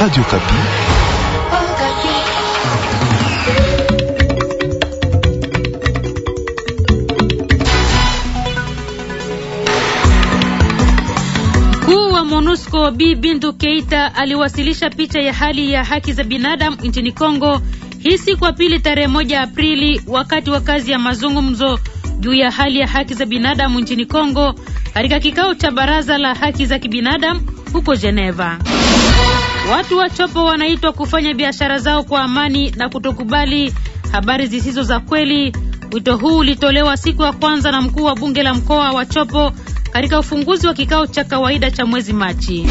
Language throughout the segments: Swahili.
Radio Kapi. Mkuu wa MONUSCO Bi Bintu Keita aliwasilisha picha ya hali ya haki za binadamu nchini Kongo hii siku ya pili tarehe moja Aprili wakati wa kazi ya mazungumzo juu ya hali ya haki za binadamu nchini Kongo katika kikao cha baraza la haki za kibinadamu huko Geneva. Watu wa Chopo wanaitwa kufanya biashara zao kwa amani na kutokubali habari zisizo za kweli. Wito huu ulitolewa siku ya kwanza na mkuu wa bunge la mkoa wa Chopo katika ufunguzi wa kikao cha kawaida cha mwezi Machi.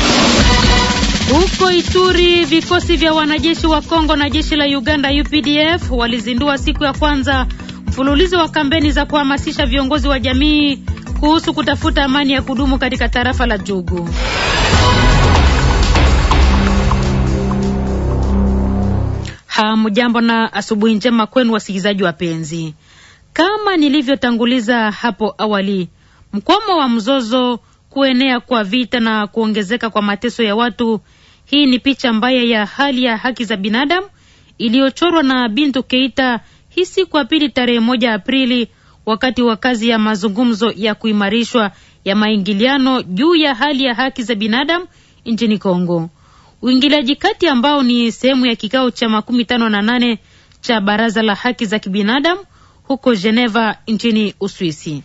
Huko Ituri, vikosi vya wanajeshi wa Kongo na jeshi la Uganda UPDF walizindua siku ya kwanza mfululizo wa kampeni za kuhamasisha viongozi wa jamii kuhusu kutafuta amani ya kudumu katika tarafa la Jugu. Hamjambo na asubuhi njema kwenu wasikilizaji wapenzi. Kama nilivyotanguliza hapo awali, mkwamo wa mzozo, kuenea kwa vita na kuongezeka kwa mateso ya watu, hii ni picha mbaya ya hali ya haki za binadamu iliyochorwa na Bintu Keita hii siku ya pili tarehe moja Aprili wakati wa kazi ya mazungumzo ya kuimarishwa ya maingiliano juu ya hali ya haki za binadamu nchini Kongo. Uingiliaji kati ambao ni sehemu ya kikao cha makumi tano na nane cha Baraza la Haki za Kibinadamu huko Geneva nchini Uswisi.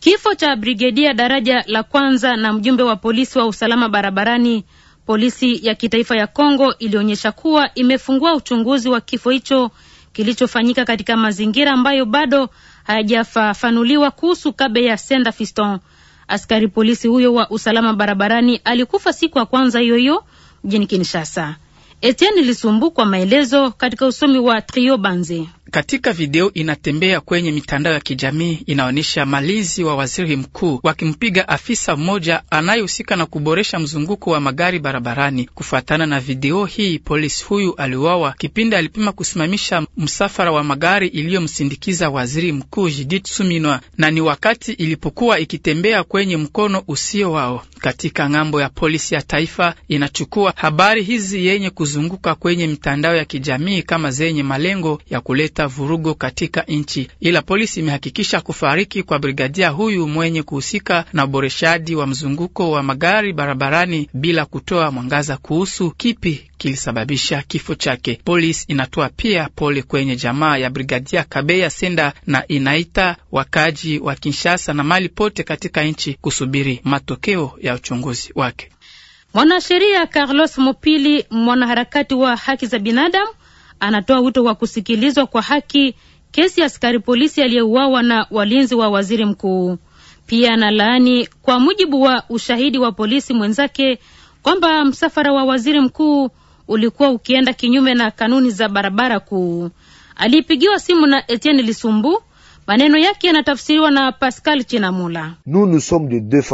Kifo cha brigedia daraja la kwanza na mjumbe wa polisi wa usalama barabarani, polisi ya kitaifa ya Kongo ilionyesha kuwa imefungua uchunguzi wa kifo hicho kilichofanyika katika mazingira ambayo bado hayajafafanuliwa kuhusu kabe ya Senda Fiston. Askari polisi huyo wa usalama barabarani alikufa siku ya kwanza hiyo hiyo mjini Kinshasa. Etienne Lisumbu kwa maelezo katika usomi wa Trio Banze. Katika video inatembea kwenye mitandao ya kijamii inaonyesha malizi wa waziri mkuu wakimpiga afisa mmoja anayehusika na kuboresha mzunguko wa magari barabarani. Kufuatana na video hii, polisi huyu aliuawa kipindi alipima kusimamisha msafara wa magari iliyomsindikiza waziri mkuu Judith Suminwa, na ni wakati ilipokuwa ikitembea kwenye mkono usio wao. Katika ng'ambo ya polisi ya taifa inachukua habari hizi yenye kuzunguka kwenye mitandao ya kijamii kama zenye malengo ya kuleta kuleta vurugo katika nchi, ila polisi imehakikisha kufariki kwa brigadia huyu mwenye kuhusika na uboreshaji wa mzunguko wa magari barabarani bila kutoa mwangaza kuhusu kipi kilisababisha kifo chake. Polisi inatoa pia pole kwenye jamaa ya brigadia Kabeya Senda na inaita wakaji wa Kinshasa na mali pote katika nchi kusubiri matokeo ya uchunguzi wake. Mwanasheria Carlos Mopili, mwanaharakati wa haki za binadamu anatoa wito wa kusikilizwa kwa haki kesi ya askari polisi aliyeuawa na walinzi wa waziri mkuu. Pia analaani kwa mujibu wa ushahidi wa polisi mwenzake kwamba msafara wa waziri mkuu ulikuwa ukienda kinyume na kanuni za barabara kuu. Alipigiwa simu na Etienne Lisumbu Maneno yake yanatafsiriwa na Pascal Chinamula.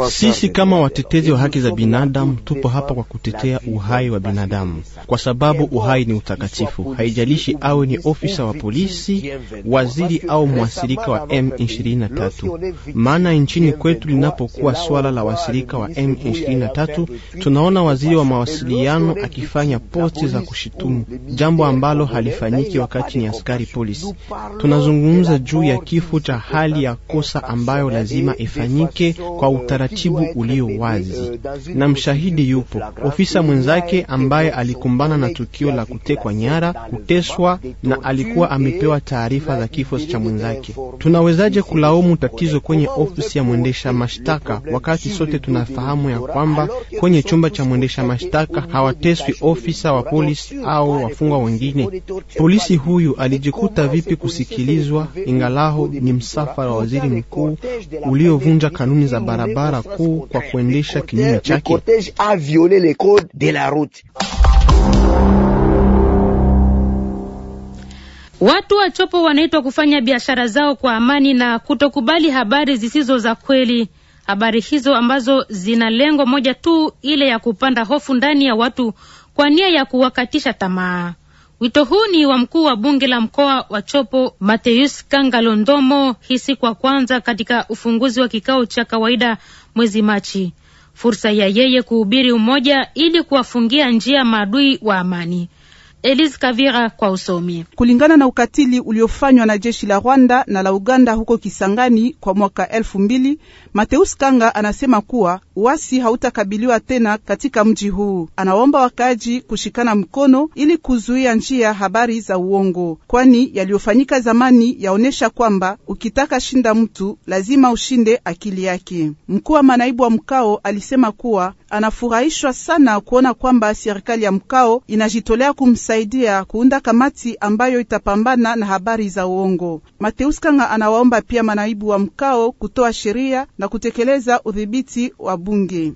Sisi kama watetezi wa haki za binadamu tupo hapa kwa kutetea uhai wa binadamu, kwa sababu uhai ni utakatifu. Haijalishi awe ni ofisa wa polisi, waziri au mwasirika wa M23. Maana nchini kwetu linapokuwa swala la wasirika wa M23, tunaona waziri wa mawasiliano akifanya posti za kushitumu, jambo ambalo halifanyiki wakati ni askari polisi. Tunazungumza juu ya kifo cha hali ya kosa ambayo lazima ifanyike kwa utaratibu ulio wazi, na mshahidi yupo, ofisa mwenzake ambaye alikumbana na tukio la kutekwa nyara, kuteswa na alikuwa amepewa taarifa za kifo cha mwenzake. Tunawezaje kulaumu tatizo kwenye ofisi ya mwendesha mashtaka wakati sote tunafahamu ya kwamba kwenye chumba cha mwendesha mashtaka hawateswi ofisa wa polisi au wafungwa wengine? Polisi huyu alijikuta vipi kusikilizwa ingalaho ni msafara wa waziri mkuu uliovunja kanuni za barabara kuu kwa kuendesha kinyume chake. Watu wachopo wanaitwa kufanya biashara zao kwa amani na kutokubali habari zisizo za kweli, habari hizo ambazo zina lengo moja tu, ile ya kupanda hofu ndani ya watu kwa nia ya kuwakatisha tamaa. Wito huu ni wa mkuu wa bunge la mkoa wa Chopo Mateus Kangalondomo hii siku ya kwanza katika ufunguzi wa kikao cha kawaida mwezi Machi, fursa ya yeye kuhubiri umoja ili kuwafungia njia maadui wa amani. Elise Kavira kwa usomi. Kulingana na ukatili uliofanywa na jeshi la Rwanda na la Uganda huko Kisangani kwa mwaka elfu mbili, Mateus Kanga anasema kuwa uasi hautakabiliwa tena katika mji huu. Anaomba wakaaji kushikana mkono ili kuzuia njia habari za uongo, kwani yaliyofanyika zamani yaonyesha kwamba ukitaka shinda mtu lazima ushinde akili yake. Mkuu wa manaibu wa mkao alisema kuwa anafurahishwa sana kuona kwamba serikali ya mkao inajitolea kumsaidia kuunda kamati ambayo itapambana na habari za uongo. Mateus Kanga anawaomba pia manaibu wa mkao kutoa sheria na kutekeleza udhibiti wa bunge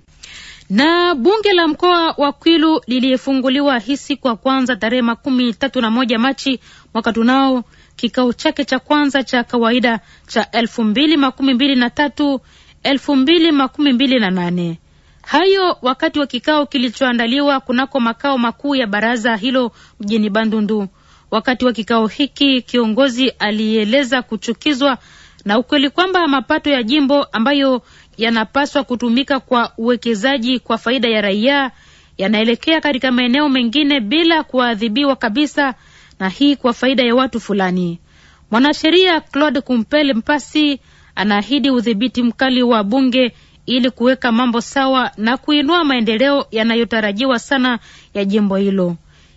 na bunge la mkoa wa Kwilu lilifunguliwa hii siku ya kwanza tarehe makumi tatu na moja Machi mwaka tunao, kikao chake cha kwanza cha kawaida cha elfu mbili makumi mbili na tatu elfu mbili makumi mbili na nane Hayo wakati wa kikao kilichoandaliwa kunako makao makuu ya baraza hilo mjini Bandundu. Wakati wa kikao hiki, kiongozi alieleza kuchukizwa na ukweli kwamba mapato ya jimbo ambayo yanapaswa kutumika kwa uwekezaji kwa faida ya raia yanaelekea katika maeneo mengine bila kuadhibiwa kabisa, na hii kwa faida ya watu fulani. Mwanasheria Claude kumpel Mpasi anaahidi udhibiti mkali wa bunge ili kuweka mambo sawa na kuinua maendeleo yanayotarajiwa sana ya jimbo hilo.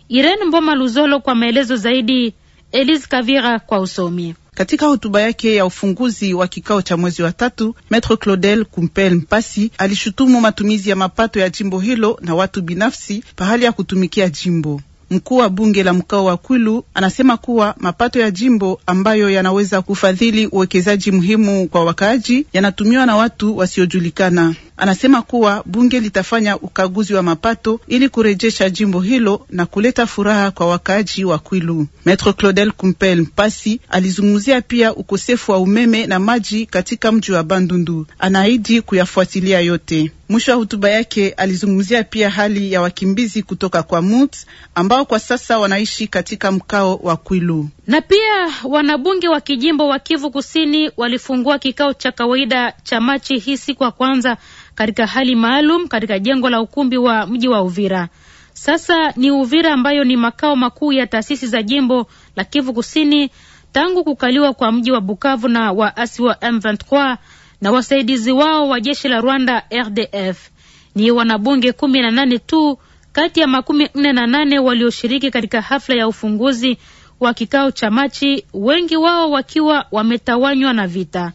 Irene Mboma Luzolo kwa maelezo zaidi, Elise Kavira kwa usomi. Katika hotuba yake ya ufunguzi wa kikao cha mwezi wa tatu, Maitre Claudel Kumpel Mpasi alishutumu matumizi ya mapato ya jimbo hilo na watu binafsi pahali ya kutumikia jimbo. Mkuu wa bunge la mkoa wa Kwilu anasema kuwa mapato ya jimbo ambayo yanaweza kufadhili uwekezaji muhimu kwa wakaaji yanatumiwa na watu wasiojulikana. Anasema kuwa bunge litafanya ukaguzi wa mapato ili kurejesha jimbo hilo na kuleta furaha kwa wakaaji wa Kwilu. Maitre Claudel Kumpel Mpasi alizungumzia pia ukosefu wa umeme na maji katika mji wa Bandundu. Anaahidi kuyafuatilia yote. Mwisho wa hotuba yake alizungumzia pia hali ya wakimbizi kutoka kwa MUT ambao kwa sasa wanaishi katika mkao wa Kwilu. Na pia wanabunge wa kijimbo wa Kivu Kusini walifungua kikao cha kawaida cha Machi hii siku ya kwanza katika hali maalum katika jengo la ukumbi wa mji wa Uvira. Sasa ni Uvira ambayo ni makao makuu ya taasisi za jimbo la Kivu Kusini tangu kukaliwa kwa mji wa Bukavu na waasi wa M23 na wasaidizi wao wa jeshi la Rwanda RDF. Ni wanabunge kumi na nane tu kati ya makumi nne na nane walioshiriki katika hafla ya ufunguzi wa kikao cha Machi, wengi wao wakiwa wametawanywa na vita.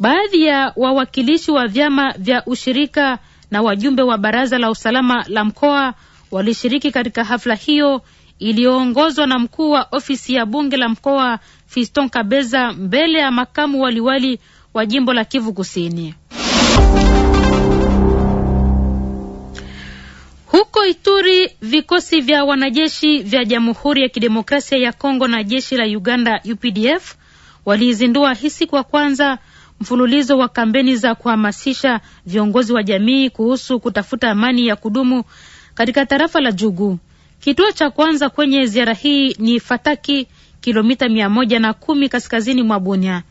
Baadhi ya wawakilishi wa vyama vya ushirika na wajumbe wa baraza la usalama la mkoa walishiriki katika hafla hiyo iliyoongozwa na mkuu wa ofisi ya bunge la mkoa Fiston Kabeza mbele ya makamu waliwali wa jimbo la Kivu Kusini. Huko Ituri, vikosi vya wanajeshi vya Jamhuri ya Kidemokrasia ya Kongo na jeshi la Uganda UPDF waliizindua hisi kwa kwanza mfululizo wa kampeni za kuhamasisha viongozi wa jamii kuhusu kutafuta amani ya kudumu katika tarafa la Jugu. Kituo cha kwanza kwenye ziara hii ni Fataki, kilomita mia moja na kumi kaskazini mwa Bunia.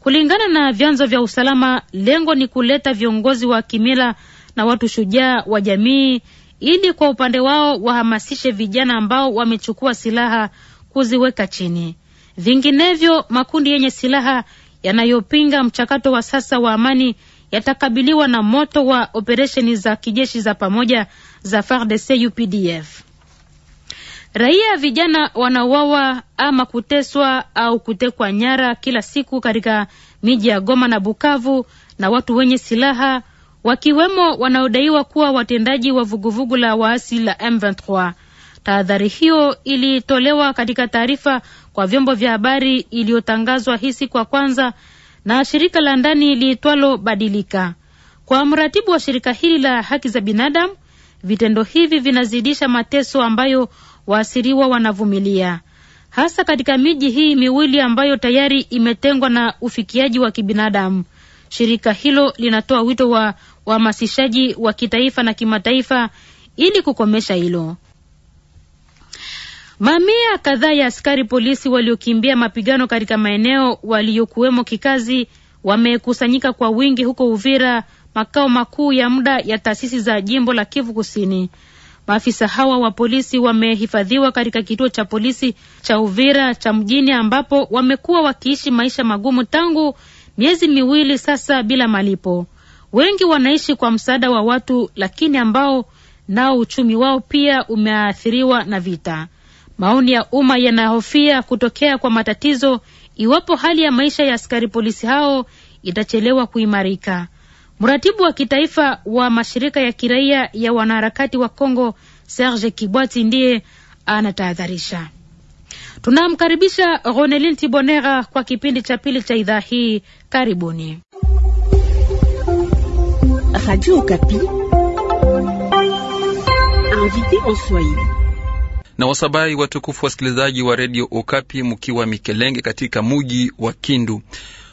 Kulingana na vyanzo vya usalama, lengo ni kuleta viongozi wa kimila na watu shujaa wa jamii ili kwa upande wao wahamasishe vijana ambao wamechukua silaha kuziweka chini. Vinginevyo, makundi yenye silaha yanayopinga mchakato wa sasa wa amani yatakabiliwa na moto wa operesheni za kijeshi za pamoja za FARDC UPDF. Raia vijana wanauawa ama kuteswa au kutekwa nyara kila siku katika miji ya Goma na Bukavu na watu wenye silaha wakiwemo wanaodaiwa kuwa watendaji wa vuguvugu la waasi la M23. Tahadhari hiyo ilitolewa katika taarifa kwa vyombo vya habari iliyotangazwa hii siku ya kwanza na shirika la ndani liitwalo Badilika. Kwa mratibu wa shirika hili la haki za binadamu, vitendo hivi vinazidisha mateso ambayo waasiriwa wanavumilia, hasa katika miji hii miwili ambayo tayari imetengwa na ufikiaji wa kibinadamu. Shirika hilo linatoa wito wa uhamasishaji wa kitaifa na kimataifa ili kukomesha hilo. Mamia kadhaa ya askari polisi waliokimbia mapigano katika maeneo waliyokuwemo kikazi wamekusanyika kwa wingi huko Uvira, makao makuu ya muda ya taasisi za jimbo la Kivu Kusini. Maafisa hawa wa polisi wamehifadhiwa katika kituo cha polisi cha Uvira cha mjini ambapo wamekuwa wakiishi maisha magumu tangu miezi miwili sasa bila malipo. Wengi wanaishi kwa msaada wa watu, lakini ambao nao uchumi wao pia umeathiriwa na vita. Maoni ya umma yanahofia kutokea kwa matatizo iwapo hali ya maisha ya askari polisi hao itachelewa kuimarika. Mratibu wa kitaifa wa mashirika ya kiraia ya wanaharakati wa Kongo Serge Kibwati ndiye anatahadharisha. Tunamkaribisha Ronelin Tibonera kwa kipindi cha pili cha idhaa hii. Karibuni. Radio Okapi invité en Swahili. Na wasabai watukufu wasikilizaji wa Radio Okapi, mkiwa Mikelenge katika muji wa Kindu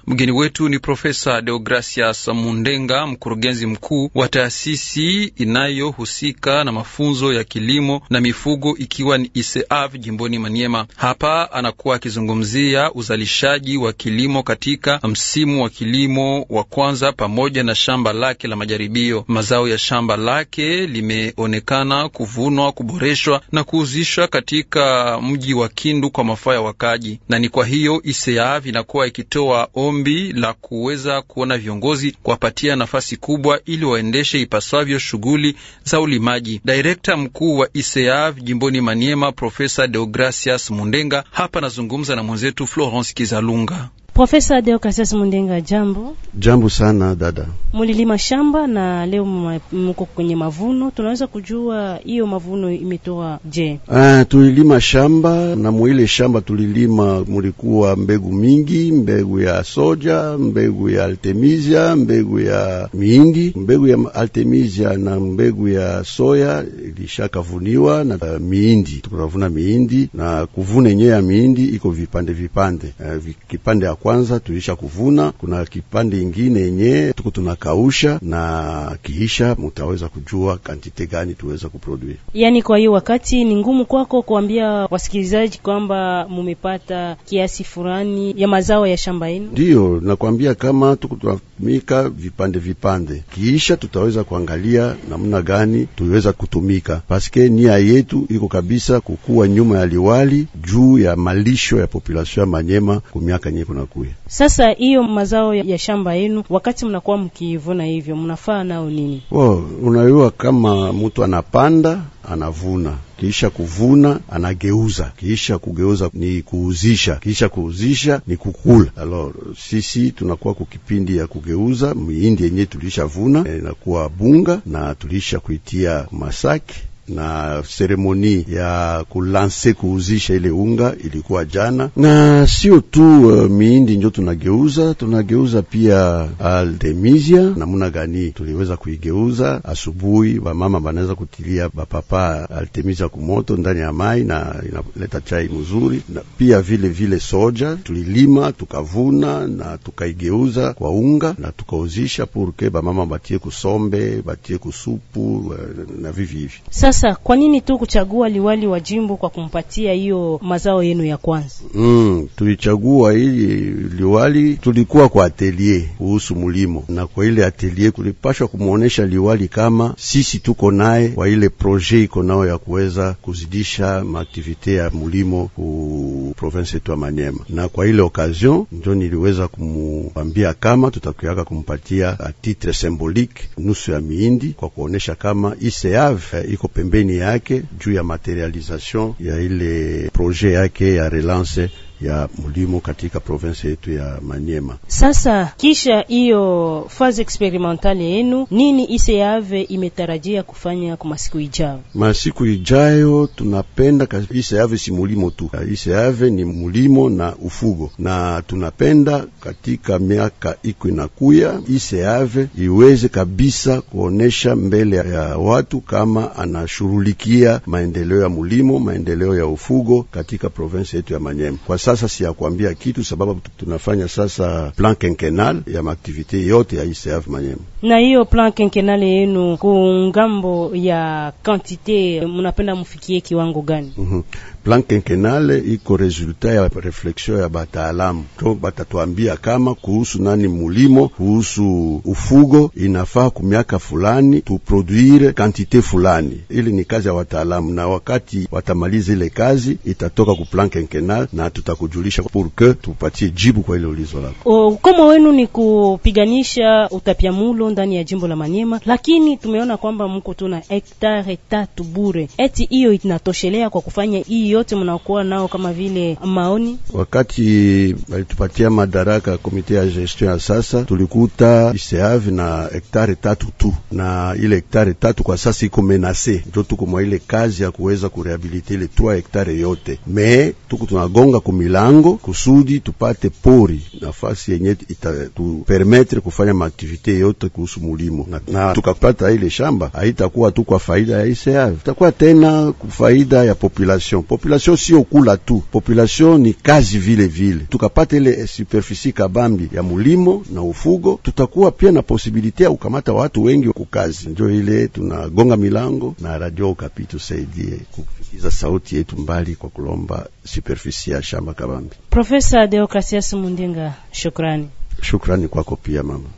Mgeni wetu ni Profesa Deogracias Mundenga, mkurugenzi mkuu wa taasisi inayohusika na mafunzo ya kilimo na mifugo, ikiwa ni ISEAV jimboni Maniema. Hapa anakuwa akizungumzia uzalishaji wa kilimo katika msimu wa kilimo wa kwanza pamoja na shamba lake la majaribio. Mazao ya shamba lake limeonekana kuvunwa, kuboreshwa na kuuzishwa katika mji wa Kindu kwa mafaa ya wakaji, na ni kwa hiyo ISEAV inakuwa ikitoa ombi la kuweza kuona viongozi kuwapatia nafasi kubwa ili waendeshe ipasavyo shughuli za ulimaji. Direkta mkuu wa iseav jimboni Maniema, Profesa Deogracias Mundenga hapa anazungumza na mwenzetu Florence Kizalunga. Profesa Deo Kasias Mundenga, jambo. Jambo sana dada. Mulilima shamba na leo mko kwenye mavuno, tunaweza kujua hiyo mavuno imetoa je? Ah, tulilima shamba na mwile shamba tulilima, mulikuwa mbegu mingi, mbegu ya soja, mbegu ya altemisia, mbegu ya mihindi, mbegu ya altemisia na mbegu ya soya ilishakavuniwa na uh, eh, mihindi tunavuna mihindi na kuvuna yenyewe ya mihindi iko vipande vipande, uh, eh, vipande ya kwanza tulisha kuvuna, kuna kipande ingine yenye tuko tunakausha, na kiisha mutaweza kujua kantite gani tuweza kuproduire. Yani, kwa hiyo wakati ni ngumu kwako kuambia wasikilizaji kwamba mumepata kiasi fulani ya mazao ya shamba yenu? Ndiyo, nakwambia kama tuko tunatumika vipande vipande, kiisha tutaweza kuangalia namna gani tuweza kutumika, paske nia yetu iko kabisa kukuwa nyuma ya liwali juu ya malisho ya population ya Manyema kwa miaka nyingi kuna kuya. Sasa hiyo mazao ya shamba yenu, wakati mnakuwa mkivuna hivyo, mnafaa nao nini? Oh, unayua kama mtu anapanda anavuna kisha kuvuna anageuza, kisha kugeuza ni kuuzisha, kisha kuuzisha ni kukula. Alo, sisi tunakuwa kukipindi ya kugeuza mihindi yenye tulishavuna eh, inakuwa bunga na tulisha kuitia masaki na seremoni ya kulanse kuuzisha ile unga ilikuwa jana, na sio tu uh, miindi njo tunageuza, tunageuza pia uh, aldemisia. Namuna gani tuliweza kuigeuza? Asubuhi bamama banaweza kutilia bapapa altemisia kumoto ndani ya mai na inaleta chai mzuri, na pia vile vile soja tulilima tukavuna na tukaigeuza kwa unga na tukauzisha purke bamama batie kusombe batie kusupu uh, na vivi hivi. Sasa kwa nini tu kuchagua liwali wa jimbo kwa kumpatia hiyo mazao yenu ya kwanza? Mm, tulichagua ili liwali, tulikuwa kwa atelier kuhusu mulimo, na kwa ile atelier kulipashwa kumwonesha liwali kama sisi tuko naye kwa ile projet iko nayo ya kuweza kuzidisha maaktivite ya mulimo ku province yetu ya Manyema, na kwa ile occasion ndio niliweza kumwambia kama tutakuyaka kumpatia a titre symbolique nusu ya mihindi kwa kuonesha kama iseave eh, iko pembeni yake juu il y a ile projet yake ya relance ya mlimo katika province yetu ya Maniema. Sasa kisha hiyo phase experimentale yenu, nini iseave imetarajia kufanya kwa masiku ijayo? Masiku ijayo tunapenda iseave si mulimo tu, iseave ni mulimo na ufugo, na tunapenda katika miaka iko inakuya iseave iweze kabisa kuonesha mbele ya watu kama anashurulikia maendeleo ya mulimo, maendeleo ya ufugo katika province yetu ya Maniema kwa sasa si ya kuambia kitu sababu tunafanya sasa plan kenkenal ya maaktivite yote ya ICF e Manyema. Na hiyo plan kenkenal yenu kungambo ya kantite munapenda mufikie kiwango gani? mm -hmm plan kenkenale iko resultat ya refleksio ya bataalamu, to batatuambia kama kuhusu nani mulimo, kuhusu ufugo inafaa kumiaka fulani tuproduire kantite fulani. Ili ni kazi ya wataalamu, na wakati watamaliza ile kazi itatoka ku plan kenkenale na tutakujulisha pour que tupatie jibu kwa ile ulizo lako. Ukomo wenu ni kupiganisha utapiamulo ndani ya jimbo la Manyema, lakini tumeona kwamba mko na hektare tatu bure, eti hiyo inatoshelea kwa kufanya hiyo yote mnakuwa nao kama vile maoni? Wakati walitupatia madaraka ya komite ya gestion ya sasa, tulikuta iseave na hektare tatu tu, na ile hektare tatu kwa sasa iko menase, njo tuko mwa ile kazi ya kuweza kurehabilite ile trois hektare yote, me tuko tunagonga kumilango kusudi tupate pori nafasi yenye itatupermetre kufanya maaktivite yote kuhusu mulimo na, na tukapata ile shamba haitakuwa tu kwa faida ya iseave, itakuwa tena kwa faida ya population population population sio kula tu, population ni kazi vile vile. Tukapata ile superficie kabambi ya mulimo na ufugo, tutakuwa pia na posibilite ya kukamata watu wengi ku kazi Ndio ile tunagonga milango na Radio Okapi tusaidie kufikiza sauti yetu mbali kwa kulomba superficie ya shamba kabambi. Profesa Deocassius Mundinga, shukrani. Shukrani kwako pia mama.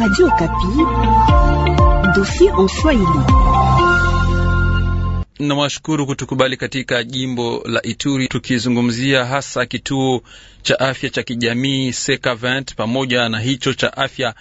Radio Okapi, dossier en Swahili. Nawashukuru kutukubali katika jimbo la Ituri, tukizungumzia hasa kituo cha afya cha kijamii Sekavent pamoja na hicho cha afya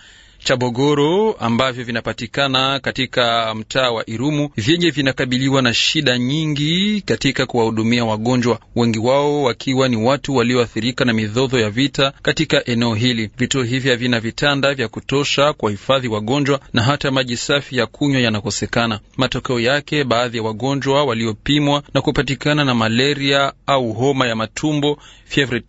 Bogoro ambavyo vinapatikana katika mtaa wa Irumu vyenye vinakabiliwa na shida nyingi katika kuwahudumia wagonjwa, wengi wao wakiwa ni watu walioathirika na midhodho ya vita katika eneo hili. Vituo hivi havina vitanda vya kutosha kuwahifadhi wagonjwa na hata maji safi ya kunywa yanakosekana. Matokeo yake, baadhi ya wagonjwa waliopimwa na kupatikana na malaria au homa ya matumbo, fievre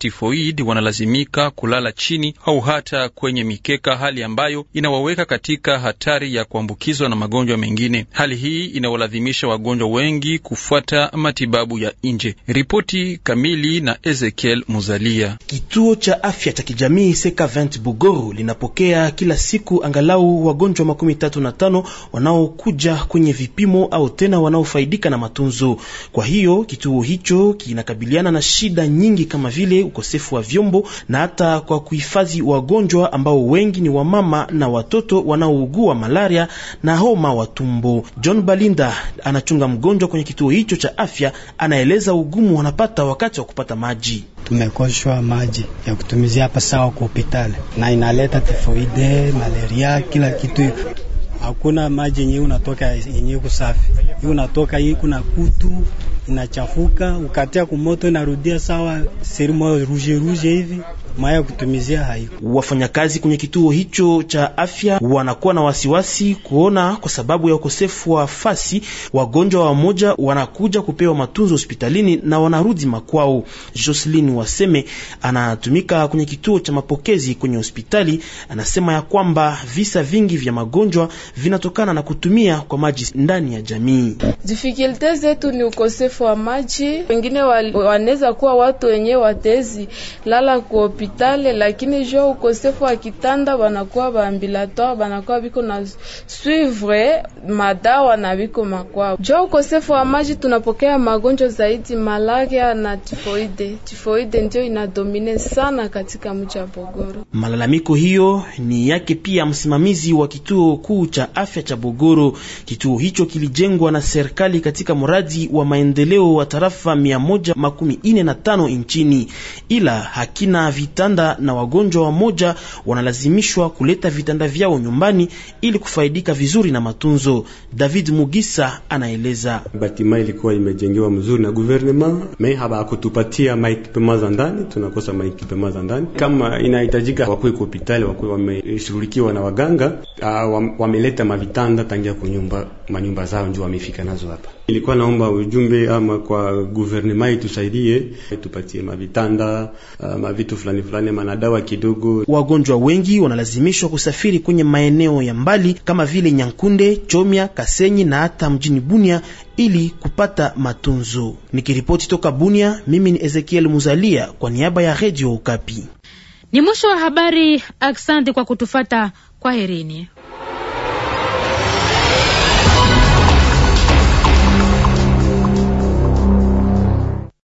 wanalazimika kulala chini au hata kwenye mikeka, hali ambayo inawaweka katika hatari ya kuambukizwa na magonjwa mengine. Hali hii inawalazimisha wagonjwa wengi kufuata matibabu ya nje. Ripoti kamili na Ezekiel Muzalia. Kituo cha afya cha kijamii Seka 20 Bugoru linapokea kila siku angalau wagonjwa makumi tatu na tano wanaokuja kwenye vipimo au tena wanaofaidika na matunzo. Kwa hiyo kituo hicho kinakabiliana na shida nyingi kama vile ukosefu wa vyombo na hata kwa kuhifadhi wagonjwa ambao wengi ni wamama na watoto wanaougua malaria na homa wa tumbo. John Balinda anachunga mgonjwa kwenye kituo hicho cha afya, anaeleza ugumu wanapata wakati wa kupata maji. Tumekoshwa maji ya kutumizia hapa sawa kwa hospitali, na inaleta tifoide, malaria, kila kitu hakuna maji yenye unatoka yenye kusafi, hii unatoka hii, kuna kutu inachafuka, ukatia kumoto inarudia sawa, serimo ruje ruje hivi maya kutumizia haiko. Wafanyakazi kwenye kituo hicho cha afya wanakuwa na wasiwasi kuona kwa sababu ya ukosefu wa fasi, wagonjwa wamoja wanakuja kupewa matunzo hospitalini na wanarudi makwao. Jocelyn Waseme anatumika kwenye kituo cha mapokezi kwenye hospitali, anasema ya kwamba visa vingi vya magonjwa vinatokana na kutumia kwa maji ndani ya jamii. Difficulties zetu ni ukosefu wa maji, wengine wanaweza kuwa watu wenyewe watezi lala kuopi hospitali, lakini jo ukosefu wa kitanda wanakuwa ba ambulatoire, wanakuwa biko na suivre madawa na biko makwao. Jo ukosefu wa maji, tunapokea magonjwa zaidi malaria na tifoide. Tifoide ndio inadomine sana katika mji wa Bogoro. Malalamiko hiyo ni yake pia msimamizi wa kituo kuu cha afya cha Bogoro. Kituo hicho kilijengwa na serikali katika mradi wa maendeleo wa tarafa 145 nchini, ila hakina vit vitanda na wagonjwa wamoja wanalazimishwa kuleta vitanda vyao nyumbani ili kufaidika vizuri na matunzo. David Mugisa anaeleza. Batima ilikuwa imejengewa mzuri na guvernema me akutupatia maekipema za ndani, tunakosa maekipema za ndani kama inahitajika. Wakuwe hospitali wakuwe wameshughulikiwa na waganga, ah, wameleta mavitanda tangia kunyumba manyumba zao, njuu wamefika nazo hapa. Nilikuwa naomba ujumbe ama kwa guvernema itusaidie, tupatie mavitanda, ah, mavitu fulani fulani, manadawa kidogo. Wagonjwa wengi wanalazimishwa kusafiri kwenye maeneo ya mbali kama vile Nyankunde, Chomya, Kasenyi na hata mjini Bunia ili kupata matunzo. Nikiripoti toka Bunia, mimi ni Ezekiel Muzalia kwa niaba ya redio Ukapi. Ni mwisho wa habari. Asante kwa kutufata. herini.